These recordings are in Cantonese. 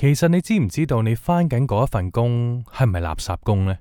其實你知唔知道，你翻緊嗰一份工係咪垃圾工咧？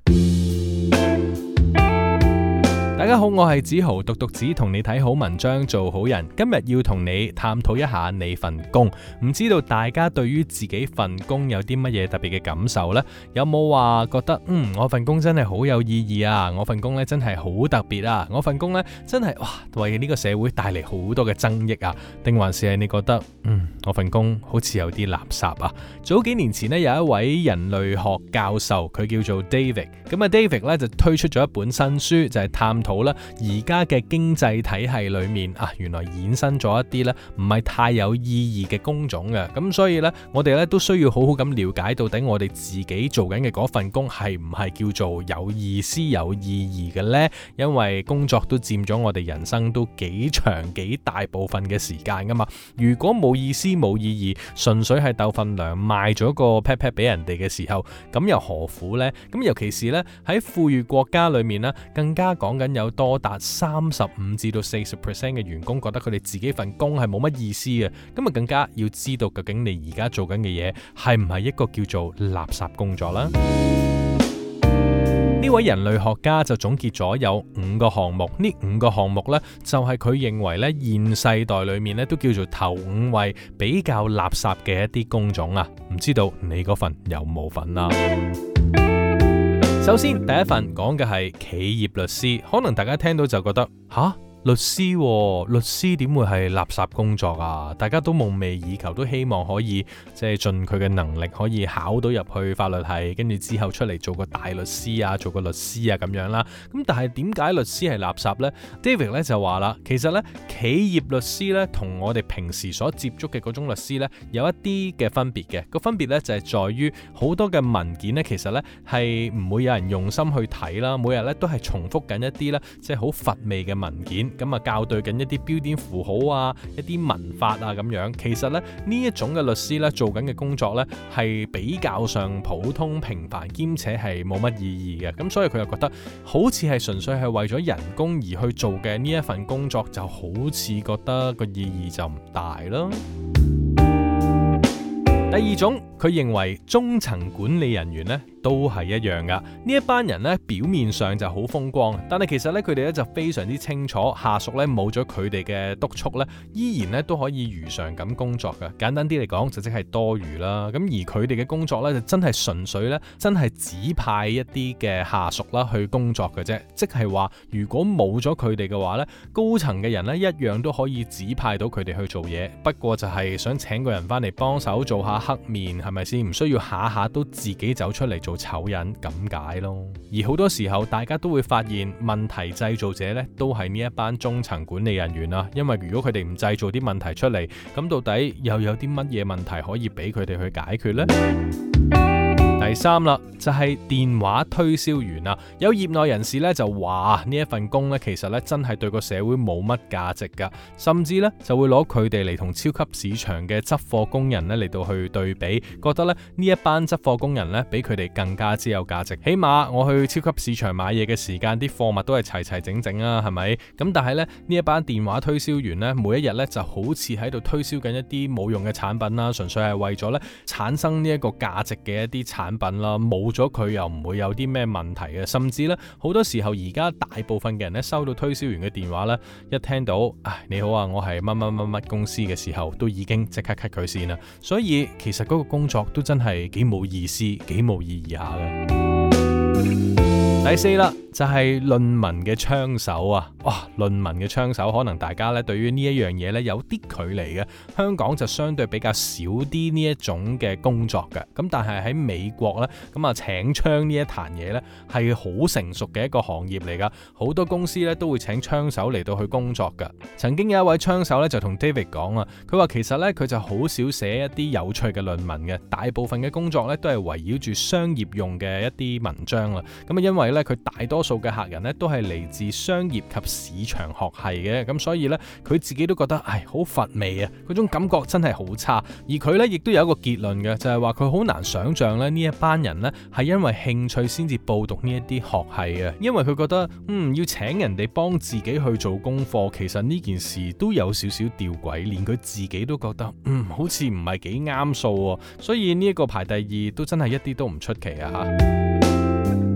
大家好，我係梓豪，獨讀子同你睇好文章，做好人。今日要同你探討一下你份工，唔知道大家對於自己份工有啲乜嘢特別嘅感受呢？有冇話覺得嗯，我份工真係好有意義啊？我份工咧真係好特別啊？我份工咧真係哇，為呢個社會帶嚟好多嘅增益啊？定還是係你覺得嗯，我份工好似有啲垃圾啊？早幾年前呢，有一位人類學教授，佢叫做 David，咁啊、嗯、David 咧就推出咗一本新書，就係、是、探討。好而家嘅經濟體系裏面啊，原來衍生咗一啲咧，唔係太有意義嘅工種嘅。咁所以咧，我哋咧都需要好好咁瞭解到底我哋自己做緊嘅嗰份工係唔係叫做有意思、有意義嘅呢？因為工作都佔咗我哋人生都幾長、幾大部分嘅時間噶嘛。如果冇意思、冇意義，純粹係鬥份糧、賣咗個 pat pat 俾人哋嘅時候，咁又何苦呢？咁尤其是咧喺富裕國家裏面呢，更加講緊有。多達三十五至到四十 percent 嘅員工覺得佢哋自己份工係冇乜意思嘅，咁啊更加要知道究竟你而家做緊嘅嘢，係唔係一個叫做垃圾工作啦。呢位人類學家就總結咗有五個項目，呢五個項目呢，就係佢認為呢現世代裏面呢都叫做頭五位比較垃圾嘅一啲工種啊。唔知道你嗰份有冇份啊？首先，第一份講嘅係企業律師，可能大家聽到就覺得嚇。律師喎、哦，律師點會係垃圾工作啊？大家都夢寐以求，都希望可以即係盡佢嘅能力，可以考到入去法律系，跟住之後出嚟做個大律師啊，做個律師啊咁樣啦。咁但係點解律師係垃圾呢？David 咧就話啦，其實呢，企業律師呢同我哋平時所接觸嘅嗰種律師呢，有一啲嘅分別嘅，個分別呢就係、是、在於好多嘅文件呢，其實呢係唔會有人用心去睇啦，每日呢都係重複緊一啲呢，即係好乏味嘅文件。咁啊校對緊一啲標點符號啊，一啲文法啊咁樣，其實咧呢一種嘅律師咧做緊嘅工作咧係比較上普通平凡，兼且係冇乜意義嘅，咁所以佢就覺得好似係純粹係為咗人工而去做嘅呢一份工作，就好似覺得個意義就唔大咯。第二種佢認為中層管理人員呢都係一樣噶，呢一班人呢表面上就好風光，但係其實呢佢哋呢就非常之清楚下屬呢冇咗佢哋嘅督促呢，依然呢都可以如常咁工作噶。簡單啲嚟講，就即係多餘啦。咁而佢哋嘅工作呢就真係純粹呢，真係指派一啲嘅下屬啦去工作嘅啫。即係話如果冇咗佢哋嘅話呢，高層嘅人呢一樣都可以指派到佢哋去做嘢，不過就係想請個人翻嚟幫手做下。黑面係咪先？唔需要下下都自己走出嚟做醜人咁解咯。而好多時候，大家都會發現問題製造者咧，都係呢一班中層管理人員啦。因為如果佢哋唔製造啲問題出嚟，咁到底又有啲乜嘢問題可以俾佢哋去解決呢？ 第三啦，就係電話推銷員啦。有業內人士咧就話呢一份工咧，其實咧真係對個社會冇乜價值噶。甚至咧就會攞佢哋嚟同超級市場嘅執貨工人咧嚟到去對比，覺得咧呢一班執貨工人咧比佢哋更加之有價值。起碼我去超級市場買嘢嘅時間，啲貨物都係齊齊整整啊，係咪？咁但係咧呢一班電話推銷員咧，每一日咧就好似喺度推銷緊一啲冇用嘅產品啦，純粹係為咗咧產生呢一個價值嘅一啲產品。品啦，冇咗佢又唔會有啲咩問題嘅，甚至咧好多時候而家大部分嘅人咧收到推銷員嘅電話咧，一聽到唉，你好啊，我係乜乜乜乜公司嘅時候，都已經即刻 cut 佢線啦。所以其實嗰個工作都真係幾冇意思，幾冇意義下嘅。第四啦，就係論文嘅槍手啊！哇，論文嘅槍手可能大家咧對於呢一樣嘢咧有啲距離嘅，香港就相對比較少啲呢一種嘅工作嘅。咁但係喺美國咧，咁啊請槍呢一壇嘢咧係好成熟嘅一個行業嚟噶，好多公司咧都會請槍手嚟到去工作嘅。曾經有一位槍手咧就同 David 講啊，佢話其實咧佢就好少寫一啲有趣嘅論文嘅，大部分嘅工作咧都係圍繞住商業用嘅一啲文章啦。咁啊因為咧。佢大多數嘅客人呢，都係嚟自商業及市場學系嘅，咁所以呢，佢自己都覺得唉，好乏味啊，嗰種感覺真係好差。而佢呢，亦都有一個結論嘅，就係話佢好難想象咧呢一班人呢，係因為興趣先至報讀呢一啲學系嘅，因為佢覺得嗯，要請人哋幫自己去做功課，其實呢件事都有少少吊詭，連佢自己都覺得嗯，好似唔係幾啱數喎。所以呢一個排第二都真係一啲都唔出奇啊！吓。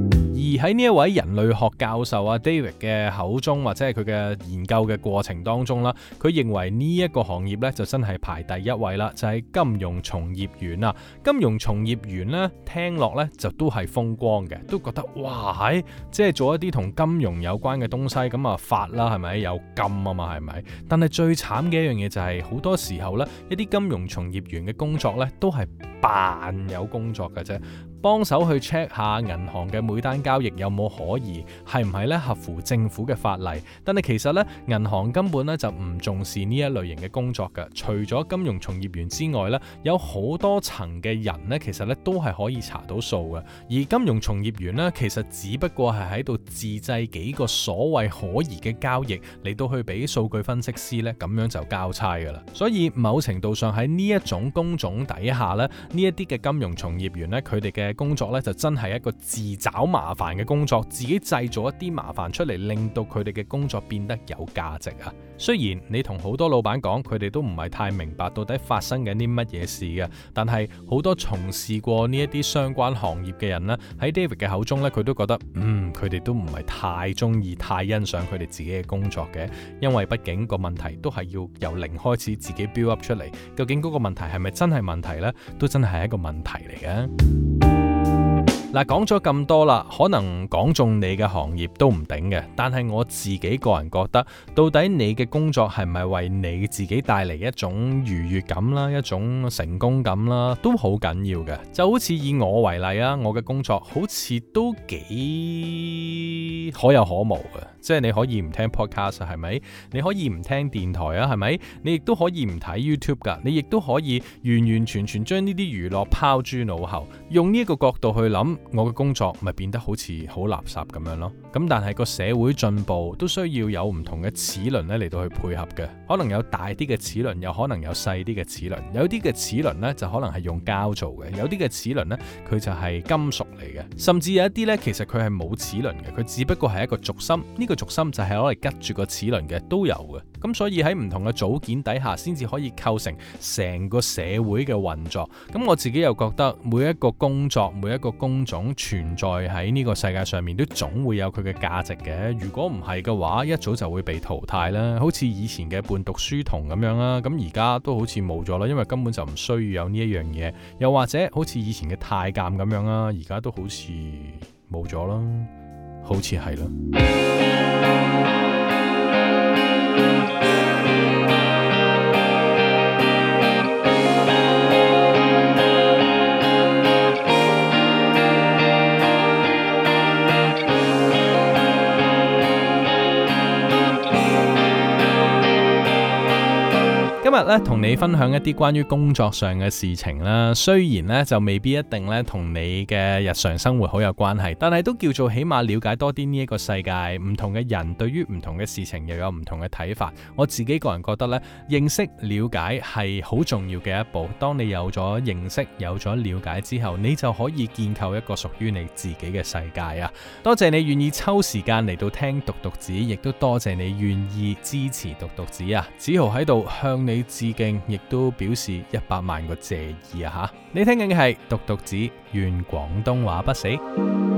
而喺呢一位人類學教授阿 David 嘅口中，或者係佢嘅研究嘅過程當中啦，佢認為呢一個行業咧就真係排第一位啦，就係金融從業員啊！金融從業員咧聽落咧就都係風光嘅，都覺得哇即係做一啲同金融有關嘅東西咁啊發啦，係咪？有金啊嘛，係咪？但係最慘嘅一樣嘢就係好多時候咧，一啲金融從業員嘅工作咧都係扮有工作嘅啫。幫手去 check 下銀行嘅每單交易有冇可疑，係唔係咧合乎政府嘅法例？但係其實咧，銀行根本咧就唔重視呢一類型嘅工作嘅。除咗金融從業員之外咧，有好多層嘅人咧，其實咧都係可以查到數嘅。而金融從業員咧，其實只不過係喺度自製幾個所謂可疑嘅交易嚟到去俾數據分析師咧，咁樣就交差㗎啦。所以某程度上喺呢一種工種底下咧，呢一啲嘅金融從業員咧，佢哋嘅工作咧就真係一個自找麻煩嘅工作，自己製造一啲麻煩出嚟，令到佢哋嘅工作變得有價值啊！雖然你同好多老闆講，佢哋都唔係太明白到底發生緊啲乜嘢事嘅，但係好多從事過呢一啲相關行業嘅人呢，喺 David 嘅口中呢，佢都覺得，嗯，佢哋都唔係太中意，太欣賞佢哋自己嘅工作嘅，因為畢竟個問題都係要由零開始自己 build up 出嚟，究竟嗰個問題係咪真係問題呢？都真係係一個問題嚟嘅。嗱，講咗咁多啦，可能講中你嘅行業都唔頂嘅，但係我自己個人覺得，到底你嘅工作係咪為你自己帶嚟一種愉悅感啦，一種成功感啦，都好緊要嘅。就好似以我為例啊，我嘅工作好似都幾可有可無嘅。即係你可以唔聽 podcast 係咪？你可以唔聽電台啊係咪？你亦都可以唔睇 YouTube 噶。你亦都可以完完全全將呢啲娛樂拋諸腦後，用呢一個角度去諗，我嘅工作咪變得好似好垃圾咁樣咯。咁但係個社會進步都需要有唔同嘅齒輪咧嚟到去配合嘅，可能有大啲嘅齒輪，有可能有細啲嘅齒輪，有啲嘅齒輪呢，就可能係用膠做嘅，有啲嘅齒輪呢，佢就係金屬嚟嘅，甚至有一啲呢，其實佢係冇齒輪嘅，佢只不過係一個軸心呢個。個重心就係攞嚟吉住個齒輪嘅都有嘅，咁所以喺唔同嘅組件底下，先至可以構成成個社會嘅運作。咁我自己又覺得，每一個工作、每一個工種存在喺呢個世界上面，都總會有佢嘅價值嘅。如果唔係嘅話，一早就會被淘汰啦。好似以前嘅伴讀書童咁樣啦，咁而家都好似冇咗啦，因為根本就唔需要有呢一樣嘢。又或者好似以前嘅太監咁樣啦，而家都好似冇咗囉。好似係咯。今日咧同你分享一啲關於工作上嘅事情啦，雖然咧就未必一定咧同你嘅日常生活好有關係，但係都叫做起碼了解多啲呢一個世界。唔同嘅人對於唔同嘅事情又有唔同嘅睇法。我自己個人覺得咧，認識了解係好重要嘅一步。當你有咗認識，有咗了,了解之後，你就可以建構一個屬於你自己嘅世界啊！多謝你願意抽時間嚟到聽獨讀子，亦都多謝你願意支持獨讀子啊！梓豪喺度向你，致敬，亦都表示一百萬個謝意啊！吓，你聽緊嘅係獨讀子，願廣東話不死。